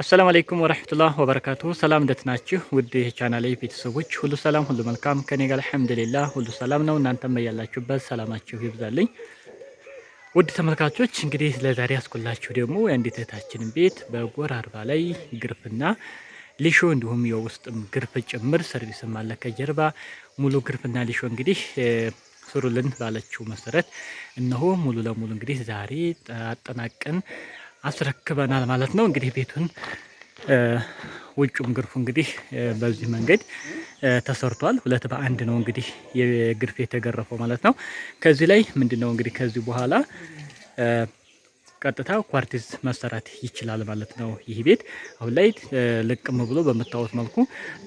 አሰላሙ አለይኩም ወራህመቱላህ ወበረካቱ። ሰላም እንደት ናችሁ? ውድ የቻናሌ ቤተሰቦች ሁሉ ሰላም፣ ሁሉ መልካም ከኔ ጋር አልሐምዱሊላህ ሁሉ ሰላም ነው። እናንተም በያላችሁበት ሰላማችሁ ይብዛልኝ። ውድ ተመልካቾች እንግዲህ ለዛሬ ያስኩላችሁ ደግሞ የአንዲት እህታችን ቤት በጎር አርባ ላይ ግርፍና ሊሾ እንዲሁም የውስጥም ግርፍ ጭምር ሰርቪስም አለ ከጀርባ ሙሉ ግርፍና ሊሾ እንግዲህ ስሩልን ባለችው መሰረት እነሆ ሙሉ ለሙሉ እንግዲህ ዛሬ አጠናቀን አስረክበናል ማለት ነው። እንግዲህ ቤቱን ውጩም ግርፉ እንግዲህ በዚህ መንገድ ተሰርቷል። ሁለት በአንድ ነው እንግዲህ የግርፍ የተገረፈው ማለት ነው። ከዚህ ላይ ምንድን ነው እንግዲህ ከዚህ በኋላ ቀጥታ ኳርቲዝ መሰራት ይችላል ማለት ነው። ይህ ቤት አሁን ላይ ልቅም ብሎ በምታዩት መልኩ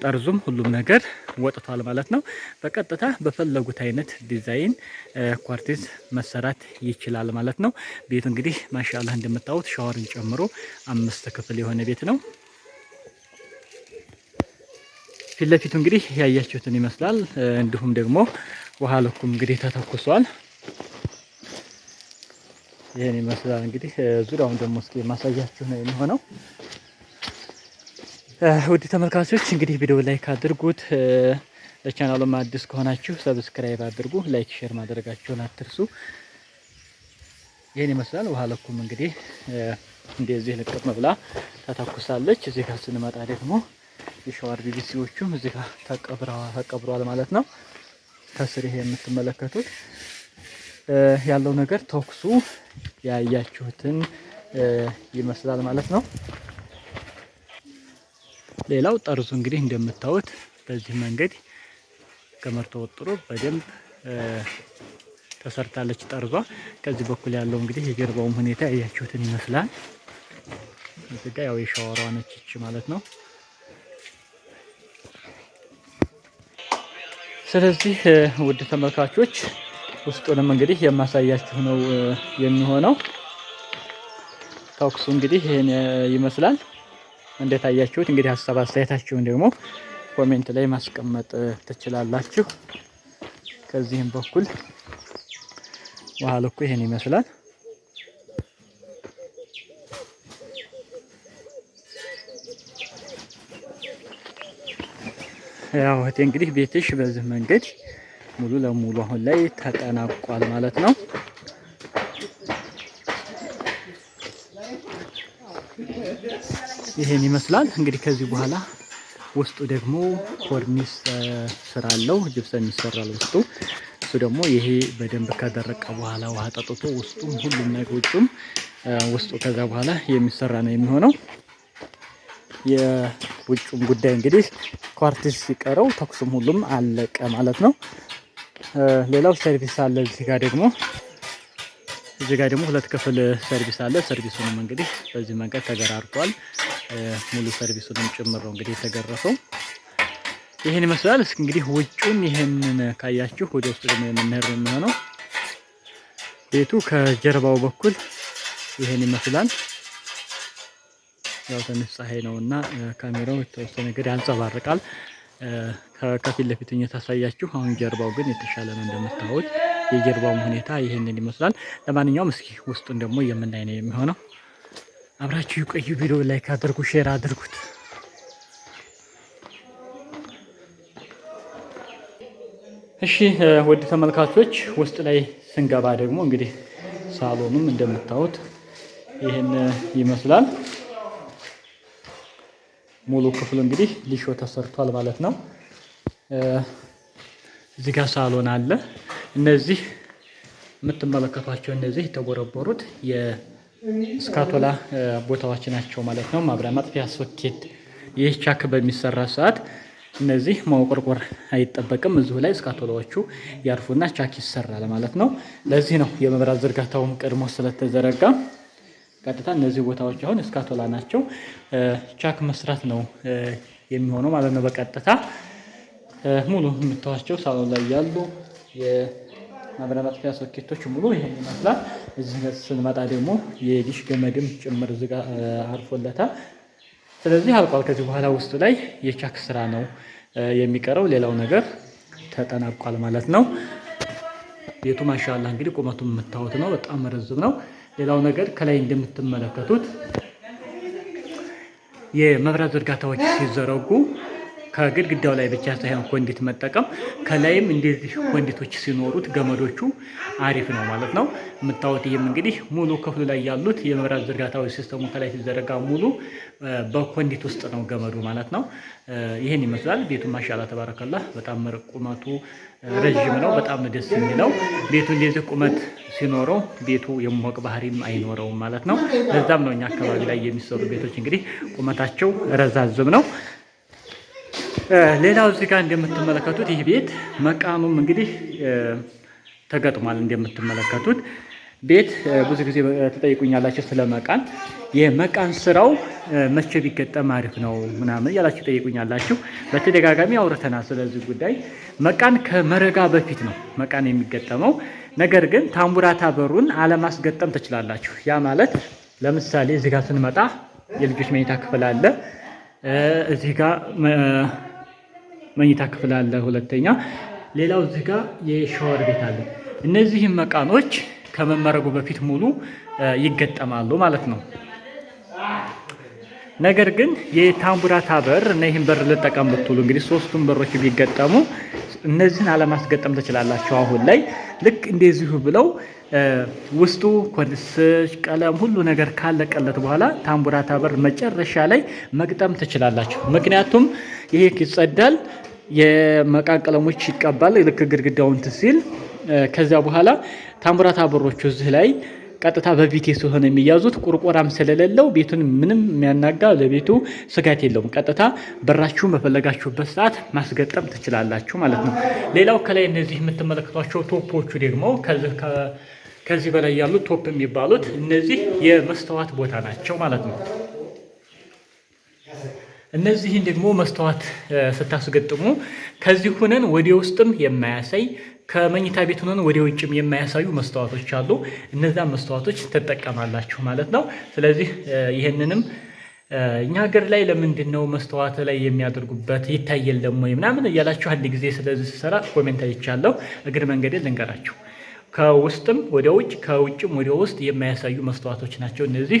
ጠርዙም ሁሉም ነገር ወጥቷል ማለት ነው። በቀጥታ በፈለጉት አይነት ዲዛይን ኳርቲዝ መሰራት ይችላል ማለት ነው። ቤቱ እንግዲህ ማሻላህ እንደምታዩት ሻወርን ጨምሮ አምስት ክፍል የሆነ ቤት ነው። ፊት ለፊቱ እንግዲህ ያያችሁትን ይመስላል። እንዲሁም ደግሞ ውሃ ልኩም እንግዲህ ተተኩሷል። ይህን ይመስላል እንግዲህ ዙሪያውን ደግሞ እስኪ ማሳያችሁ ነው የሚሆነው። ውድ ተመልካቾች እንግዲህ ቪዲዮ ላይክ አድርጉት፣ ለቻናሉም አዲስ ከሆናችሁ ሰብስክራይብ አድርጉ፣ ላይክ ሼር ማድረጋችሁን አትርሱ። ይህን ይመስላል። ውሃ ለኩም እንግዲህ እንደዚህ ልቅቅ መብላ ተተኩሳለች። እዚህ ጋር ስንመጣ ደግሞ የሸዋር ቢቢሲዎቹም እዚህ ጋር ተቀብረዋል ማለት ነው። ከስር ይሄ የምትመለከቱት ያለው ነገር ተኩሱ ያያችሁትን ይመስላል ማለት ነው። ሌላው ጠርዙ እንግዲህ እንደምታዩት በዚህ መንገድ ገመድ ተወጥሮ በደንብ ተሰርታለች ጠርዟ። ከዚህ በኩል ያለው እንግዲህ የጀርባውም ሁኔታ ያያችሁትን ይመስላል። እዚህ ጋ ያው የሻወሯ ነች ይቺ ማለት ነው። ስለዚህ ውድ ተመልካቾች ውስጡንም እንግዲህ የማሳያችሁ ነው የሚሆነው። ተኩሱ እንግዲህ ይህን ይመስላል። እንዴት አያችሁት? እንግዲህ ሀሳብ አስተያየታችሁን ደግሞ ኮሜንት ላይ ማስቀመጥ ትችላላችሁ። ከዚህም በኩል ውሃ ልኩ ይህን ይመስላል። ያው እህቴ እንግዲህ ቤትሽ በዚህ መንገድ ሙሉ ለሙሉ አሁን ላይ ተጠናቋል ማለት ነው። ይሄን ይመስላል እንግዲህ ከዚህ በኋላ ውስጡ ደግሞ ኮርኒስ ስራ አለው፣ ጅብሰም ይሰራል ውስጡ። እሱ ደግሞ ይሄ በደንብ ከደረቀ በኋላ ውሃ ጠጥቶ ውስጡም ሁሉም ነገር ውጭም ውስጡ ከዛ በኋላ የሚሰራ ነው የሚሆነው። የውጭም ጉዳይ እንግዲህ ኳርቲስ ሲቀረው ተኩስም ሁሉም አለቀ ማለት ነው። ሌላው ሰርቪስ አለ። እዚህ ጋር ደግሞ እዚህ ጋር ደግሞ ሁለት ክፍል ሰርቪስ አለ። ሰርቪሱንም እንግዲህ በዚህ መንገድ ተገራርቷል። ሙሉ ሰርቪሱንም ጭምር ነው እንግዲህ የተገረፈው። ይህን ይመስላል። እስኪ እንግዲህ ውጩን ይህንን ካያችሁ ወደ ውስጥ ደግሞ የምንሄድ የሚሆነው ቤቱ ከጀርባው በኩል ይህን ይመስላል። ያው ትንሽ ፀሐይ እና ካሜራው የተወሰነ ነገር ያንጸባርቃል። ከፊት ለፊት የታሳያችሁ አሁን ጀርባው ግን የተሻለ ነው እንደምታዩት፣ የጀርባውም ሁኔታ ይህንን ይመስላል። ለማንኛውም እስኪ ውስጡን ደግሞ የምናይ ነው የሚሆነው። አብራችሁ ይቆዩ። ቪዲዮ ላይክ አድርጉ፣ ሼር አድርጉት። እሺ ውድ ተመልካቾች ውስጥ ላይ ስንገባ ደግሞ እንግዲህ ሳሎኑም እንደምታዩት ይህን ይመስላል። ሙሉ ክፍሉ እንግዲህ ሊሾ ተሰርቷል ማለት ነው። እዚህ ጋር ሳሎን አለ። እነዚህ የምትመለከቷቸው እነዚህ የተቦረቦሩት የስካቶላ ቦታዎች ናቸው ማለት ነው። ማብሪያ ማጥፊያ ሶኬት፣ ይህ ቻክ በሚሰራ ሰዓት እነዚህ መቆርቆር አይጠበቅም። እዚሁ ላይ እስካቶላዎቹ ያርፉና ቻክ ይሰራል ማለት ነው። ለዚህ ነው የመብራት ዝርጋታውም ቀድሞ ስለተዘረጋ ቀጥታ እነዚህ ቦታዎች አሁን እስካቶላ ናቸው። ቻክ መስራት ነው የሚሆነው ማለት ነው። በቀጥታ ሙሉ የምታዋቸው ሳሎን ላይ ያሉ የማብሪያ ማጥፊያ ሶኬቶች ሙሉ ይህን ይመስላል። እዚህ ስንመጣ ደግሞ የዲሽ ገመድም ጭምር ዝጋ አልፎለታል። ስለዚህ አልቋል። ከዚህ በኋላ ውስጡ ላይ የቻክ ስራ ነው የሚቀረው። ሌላው ነገር ተጠናቋል ማለት ነው። ቤቱ ማሻላ እንግዲህ ቁመቱ የምታዩት ነው። በጣም ረዝም ነው። ሌላው ነገር ከላይ እንደምትመለከቱት የመብራት ዝርጋታዎች ሲዘረጉ ከግድግዳው ላይ ብቻ ሳይሆን ኮንዲት መጠቀም ከላይም እንደዚህ ኮንዲቶች ሲኖሩት ገመዶቹ አሪፍ ነው ማለት ነው የምታወት። ይህም እንግዲህ ሙሉ ክፍሉ ላይ ያሉት የመብራት ዝርጋታዊ ሲስተሙ ከላይ ሲዘረጋ ሙሉ በኮንዲት ውስጥ ነው ገመዱ ማለት ነው። ይህን ይመስላል ቤቱ። ማሻላ ተባረከላ። በጣም ቁመቱ ረዥም ነው። በጣም ደስ የሚለው ቤቱ እንደዚህ ቁመት ሲኖረው ቤቱ የሞቅ ባህሪም አይኖረውም ማለት ነው። በዛም ነው እኛ አካባቢ ላይ የሚሰሩ ቤቶች እንግዲህ ቁመታቸው ረዛዝም ነው። ሌላው እዚህ ጋር እንደምትመለከቱት ይህ ቤት መቃኑም እንግዲህ ተገጥሟል እንደምትመለከቱት ቤት ብዙ ጊዜ ትጠይቁኛላችሁ ስለ መቃን። የመቃን ስራው መቼ ቢገጠም አሪፍ ነው ምናምን እያላችሁ ጠይቁኛላችሁ። በተደጋጋሚ አውርተናል ስለዚህ ጉዳይ። መቃን ከመረጋ በፊት ነው መቃን የሚገጠመው። ነገር ግን ታምቡራታ በሩን አለማስገጠም ትችላላችሁ። ያ ማለት ለምሳሌ እዚህ ጋር ስንመጣ የልጆች መኝታ ክፍል አለ። እዚህ ጋር መኝታ ክፍል አለ። ሁለተኛ ሌላው እዚህ ጋር የሻወር ቤት አለ። እነዚህም መቃኖች ከመመረጉ በፊት ሙሉ ይገጠማሉ ማለት ነው። ነገር ግን የታምቡራታ በር እና ይህን በር ልጠቀም ብትሉ እንግዲህ ሶስቱን በሮች ቢገጠሙ እነዚህን አለማስገጠም ትችላላችሁ። አሁን ላይ ልክ እንደዚሁ ብለው ውስጡ ኮርኒስ፣ ቀለም፣ ሁሉ ነገር ካለቀለት በኋላ ታምቡራታ በር መጨረሻ ላይ መግጠም ትችላላችሁ። ምክንያቱም ይሄ ይጸዳል፣ የመቃ ቀለሞች ይቀባል። ልክ ግድግዳውን ሲል ከዚያ በኋላ ታምራት አበሮቹ እዚህ ላይ ቀጥታ በቪቴ ሲሆን የሚያዙት ቁርቆራም ስለሌለው ቤቱን ምንም የሚያናጋ ለቤቱ ስጋት የለውም። ቀጥታ በራችሁ በፈለጋችሁበት ሰዓት ማስገጠም ትችላላችሁ ማለት ነው። ሌላው ከላይ እነዚህ የምትመለከቷቸው ቶፖቹ ደግሞ ከዚህ በላይ ያሉት ቶፕ የሚባሉት እነዚህ የመስተዋት ቦታ ናቸው ማለት ነው። እነዚህን ደግሞ መስተዋት ስታስገጥሙ ከዚህ ሁነን ወደ ውስጥም የማያሳይ ከመኝታ ቤት ሆነን ወደ ውጭም የማያሳዩ መስተዋቶች አሉ። እነዛን መስተዋቶች ትጠቀማላችሁ ማለት ነው። ስለዚህ ይህንንም እኛ ሀገር ላይ ለምንድን ነው መስተዋት ላይ የሚያደርጉበት ይታየል ደግሞ ምናምን እያላችሁ አንድ ጊዜ ስለዚህ ስሰራ ኮሜንት አይቻለሁ። እግር መንገዴ ልንገራችሁ። ከውስጥም ወደ ውጭ ከውጭም ወደ ውስጥ የማያሳዩ መስተዋቶች ናቸው እነዚህ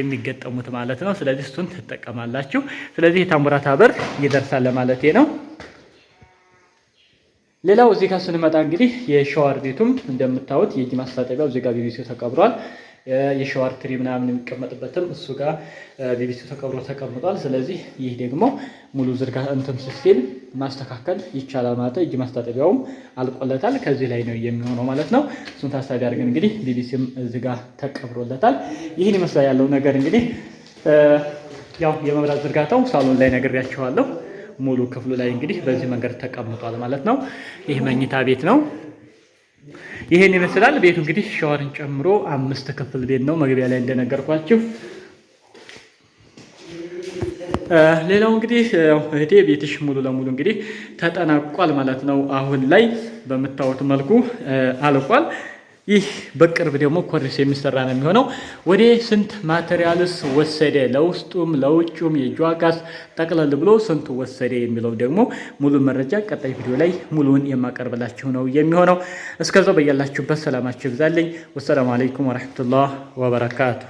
የሚገጠሙት ማለት ነው። ስለዚህ እሱን ትጠቀማላችሁ። ስለዚህ የታምራት በር ይደርሳል ማለት ነው። ሌላው እዚህ ጋር ስንመጣ እንግዲህ የሸዋር ቤቱም እንደምታዩት የእጅ ማስታጠቢያው እዚህ ጋር ቢቢሲው ተቀብሯል። የሸዋር ትሪ ምናምን የሚቀመጥበትም እሱ ጋር ቢቢሲው ተቀብሮ ተቀምጧል። ስለዚህ ይህ ደግሞ ሙሉ ዝርጋ እንትም ሲል ማስተካከል ይቻላል ማለት ነው። እጅ ማስታጠቢያውም አልቆለታል። ከዚህ ላይ ነው የሚሆነው ማለት ነው። እሱን ታሳቢ አድርገን እንግዲህ ቢቢሲም እዚህ ጋር ተቀብሮለታል። ይህን ይመስላል ያለው ነገር እንግዲህ ያው የመብራት ዝርጋታው ሳሎን ላይ ነግሬያቸዋለሁ። ሙሉ ክፍሉ ላይ እንግዲህ በዚህ መንገድ ተቀምጧል ማለት ነው። ይህ መኝታ ቤት ነው። ይህን ይመስላል ቤቱ እንግዲህ ሻወርን ጨምሮ አምስት ክፍል ቤት ነው። መግቢያ ላይ እንደነገርኳችሁ ሌላው እንግዲህ እህቴ ቤትሽ ሙሉ ለሙሉ እንግዲህ ተጠናቋል ማለት ነው። አሁን ላይ በምታዩት መልኩ አልቋል። ይህ በቅርብ ደግሞ ኮርስ የሚሰራ ነው የሚሆነው። ወደ ስንት ማቴሪያልስ ወሰደ? ለውስጡም ለውጩም የእጅ ዋጋስ ጠቅለል ብሎ ስንቱ ወሰደ የሚለው ደግሞ ሙሉ መረጃ ቀጣይ ቪዲዮ ላይ ሙሉውን የማቀርብላችሁ ነው የሚሆነው። እስከዛው በያላችሁበት ሰላማችሁ ይብዛልኝ። ወሰላሙ አለይኩም ወረሕመቱላህ ወበረካቱ